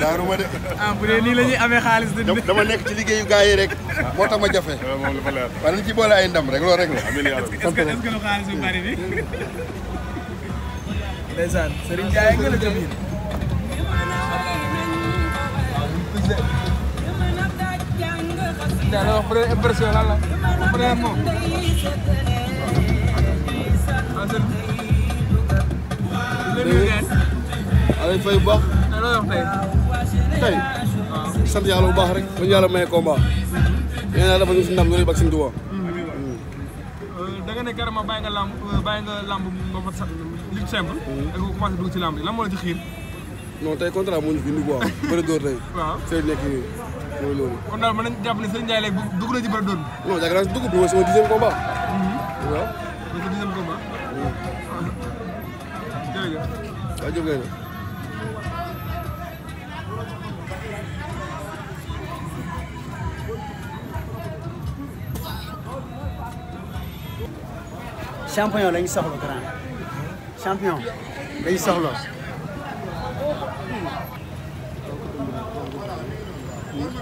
daanu ma de. ah bu dee nii la ñuy amee xaalis. dama nekk ci liggéeyu gars yi rek moo tax ma jafe. waaw nañ ci boole ay ndam rek loolu rek la. est-ce que est-ce que lu xaalis bu bari bi. ndeysaan Serigne Ndiaye nga la jëm yi. daal wax première impression lan la première mot. waaw sëñ bi. fay bokk. loo wax tey. tey sant yàlla bu baax rek. bu ñu yàlla maye combat. nee naa dafa ñu si ndam ñu ak suñu Tuuba. da nga ne Karama bàyyi nga làmb bàyyi nga làmb nga fa sax lutte simple. da mm. nga commencé dugg ci moo la ci xiir. tey contrat moo ñu fi indi quoi bëri dóor tey. waaw Seydou nekk nii mooy loolu. kon daal mën nañu jàpp ne Serigne Ndiaye léegi dugg na ci bëri dóor bi. non jàkkaarloo si dugg bi mooy sama dixième combat. Mm-hmm. waaw. mooy sa dixième combat. Mm. jërëjëf. waaw jërëjëf. champion lañu soxla grand champion lañu soxla.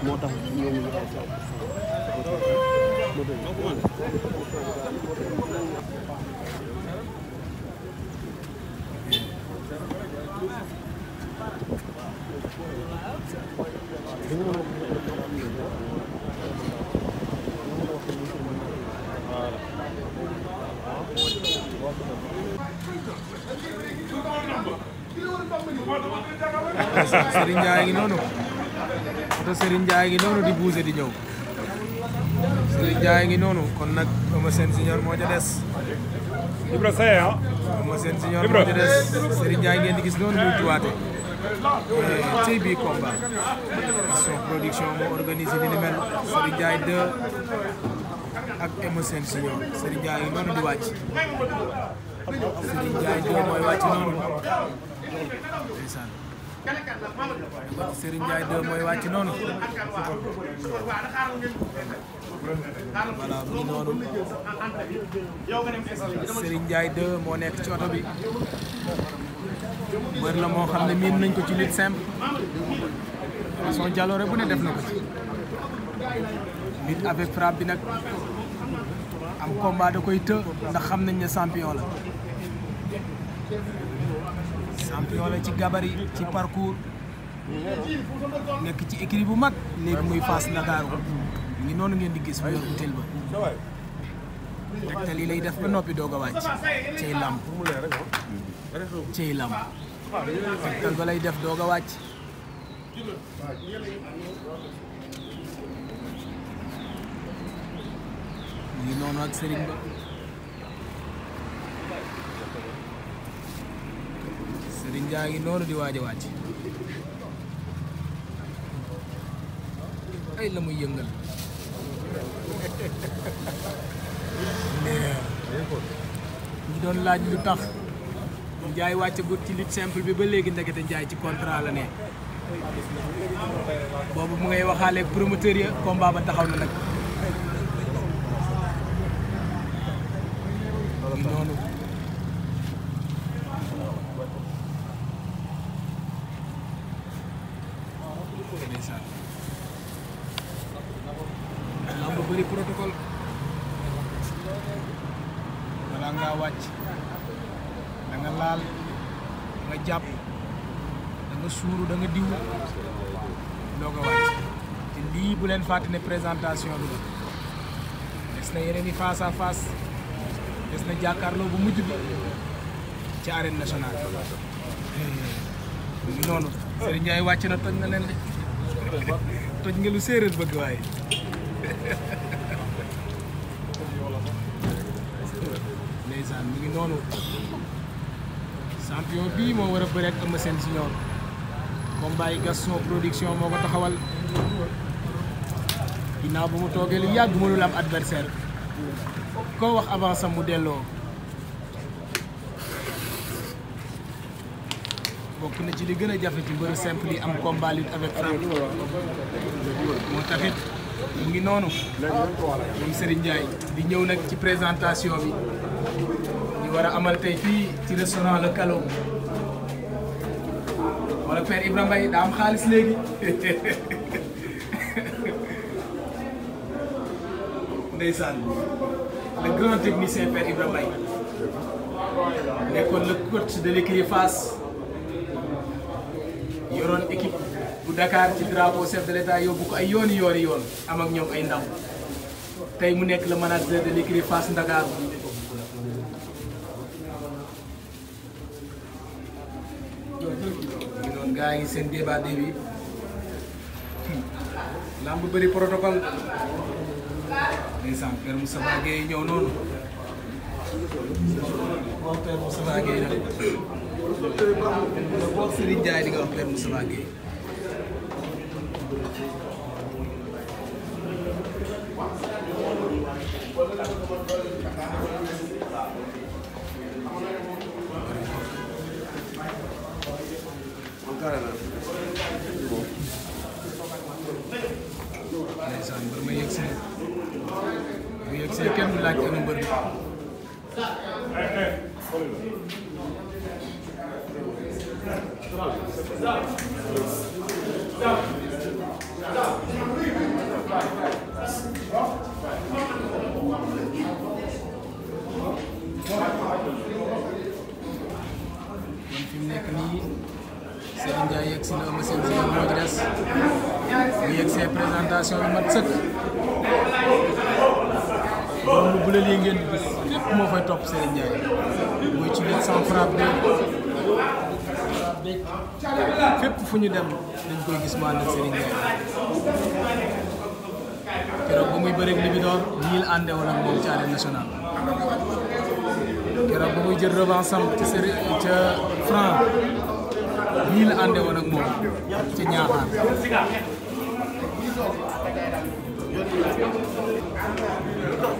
moo tax ñoom ñu Serigne Ndiaye ngi noonu oto Serigne Ndiaye ngi noonu di bougé di ñëw Serigne Ndiaye ngi noonu kon nag Eumeu Sène moo ca des. Ibra Seye ah. Eumeu moo ca des Serigne Ndiaye di gis noonu muy tuwaate. tey eh, bii combat Gaston Production moo organisé ni ni mel Serigne Ndiaye 2 ak Eumeu Sène Junior Serigne ngi noonu di wàcc Serigne Ndiaye 2 mooy wàcc noonu Serigne Ndiaye 2 mooy wàcc noonu voilà mu moo nekk ci oto bi mbër la moo xam ne miin nañ ko ci lutte simple façon jaloore bu ne def na ko avec frappe bi nag am combat da koy të ndax xam nañ ne champion la champion la ci gabarit ci parcours nekk ci écrit bu mag léegi muy Fass Ndakaaru ngi noonu ngeen di gis mu yor butéel ba tegtal lay def ba noppi doog a wàcc cey làmb cey làmb tegtal ba lay def doog a wàcc ngi noonu ak sëriñ ba sëriñ jaa ngi noonu di waaj a wàcc ay la muy yëngal ñu doon laaj lu tax njaay wàccagut ci lutte simple bi ba léegi ndekete njaay ci contrat la ne boobu mu ngay waxaale promoteur ya combat ba taxaw na nag ngaa wàcc laal da jàpp da nga suuru da nga diw doo ko wàcc te lii bu leen fàtte présentation bi des na yeneen i face à face des na jàkkaarloo bu mujj bi ci arène nationale noonu Serigne Ndiaye wàcc na toj na leen de toj nga lu séeréer bëgg waaye mu ngi noonu champion bii moo war a bëreet Eumeu Sène Junior combat yi Gaston production moo ko taxawal ginnaaw bu mu toogee lu yàgg mënul am adversaire koo wax avance am mu delloo bokk na ci li gën a jafe ci mbëru simple yi am combat lutte avec frappe moo taxit mu ngi noonu moom Serigne Ndiaye di ñëw nag ci présentation bi ñu war a amal tey fii ci restaurant Le Calom wala Père Ibrahima Mbaye daa xaalis léegi ndeysaan le grand technicien Père Ibrahima Mbaye nekkoon le de l'équipe yoroon équipe ndakaar Dakar ci drapeau chef de yóbbu ko ay yooni yooni yoon am ak ñoom ay ndam tey mu nekk le manager de l'écurie Fass Ndakaaru noonu gaa ngi seen débat bi lamb bëri protocole ndeysaan Père Moussa Gueye ñëw noonu wax Père Moussa Gueye nag wax Serigne Ndiaye di nga wax Père Moussa Gueye gisee kenn du laaj ana mbër bi kon fi mu nekk nii Serigne Ndiaye yegg si na ama seen si moo ci des mu yegg see présentation bi mat sëkk loolu bu la lii ngeen di gis fépp topp seen njaay mooy ci lutte sans frappe bi fépp fu ñu dem dañ koy gis mu ànd ak seen njaay ba muy bëreeg Libidor ñii la àndewoon ak moom ci arène nationale keroog ba muy jël revanche sam ci série ca franc ñii la àndewoon ak moom ci ñaaxaan